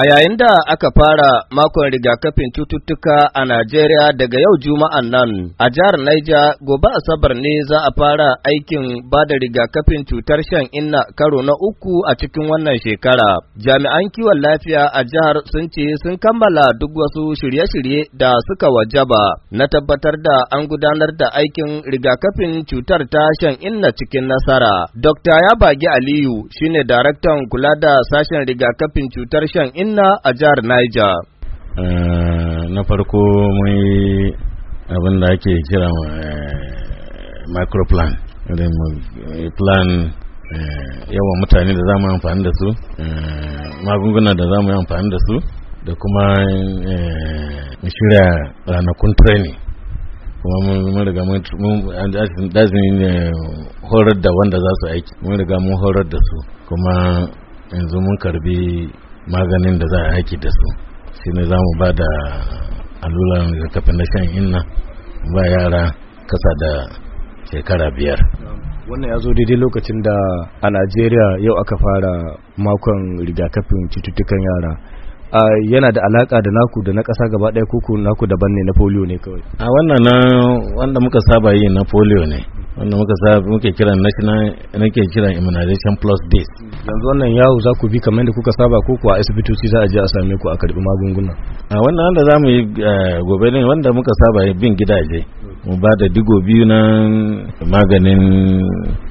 A yayin da aka fara makon rigakafin cututtuka a Najeriya daga yau Juma'an nan, a jihar Naija gobe Asabar ne za a fara aikin ba da rigakafin cutar shan inna karo na uku a cikin wannan shekara. Jami'an kiwon lafiya a jihar sun ce sun kammala duk wasu shirye-shirye da suka wajaba na tabbatar da an gudanar da aikin rigakafin cutar ta shan inna cikin nasara. Dr. Yabagi Aliyu shine daraktan kula da sashen rigakafin cutar shan inna Katsina a jihar Niger. Eh, na farko mun yi abin da ake kira eh, microplan. plan eh, yawan mutane da za mu amfani da su magunguna da za mu amfani da su da kuma shirya ranakun training kuma mun riga mun dazin horar da wanda za su aiki mun riga mun horar da su kuma yanzu mun karbi maganin da za a yaki da su shi ne za mu ba da alluran rigakafin na shan inna ba yara kasa da shekara biyar wannan ya zo daidai lokacin da a najeriya yau aka fara makon rigakafin cututtukan yara yana da alaka da naku da na ƙasa gaba ɗaya kuku naku daban ne na polio ne kawai a wannan na wanda muka saba yi na polio ne wanda muka saba muke kiran national muke kiran immunization plus days yanzu wannan yawo za ku bi kamar da kuka saba ko kuwa asibitoci za a je a same ku a karbi magunguna a wannan wanda za mu yi eh, gobe ne wanda muka saba bin gidaje mu ba da digo biyu na maganin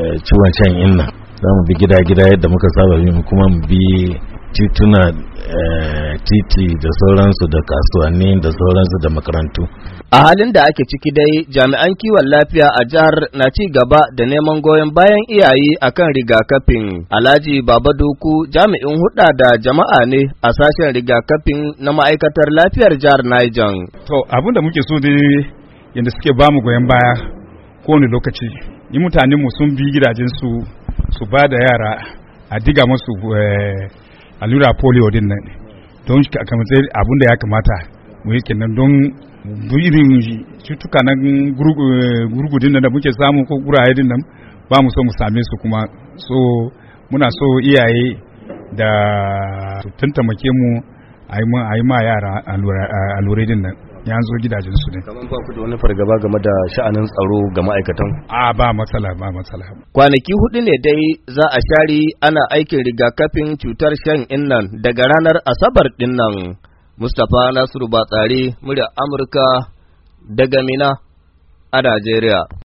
eh, ciwon shan inna za mu bi gida-gida yadda muka saba bi mu kuma mu bi tituna eh, titi da sauransu da kasuwanni da sauransu da makarantu. A halin da ake ciki dai jami'an kiwon lafiya a jihar na ci gaba da neman goyon bayan iyaye kan rigakafin. Alhaji Babaduku jami'in huɗa da jama'a ne a sashen rigakafin na ma'aikatar lafiyar jihar Niger. To abin da muke so da yadda suke ba mu goyon baya kowane lokaci. Ni mutanenmu sun bi gidajensu su ba da yara a diga masu eh, allura polio din nan don shi matsayi abin da ya kamata mu yi kenan don irin cutuka na gurgudin nan da muke samu ko guraye din nan ba mu so mu same su kuma so muna so iyaye da tuntamake mu a yi ma yara allurai din nan ya zo gidajen su ne kaman ba ku da wani fargaba game da sha'anin tsaro ga ma'aikatan a ba matsala ba matsala kwanaki hudu ne dai za a share ana aikin rigakafin cutar shan innan daga ranar asabar din nan Mustapha Nasiru Batsari murya Amurka daga Mina a Najeriya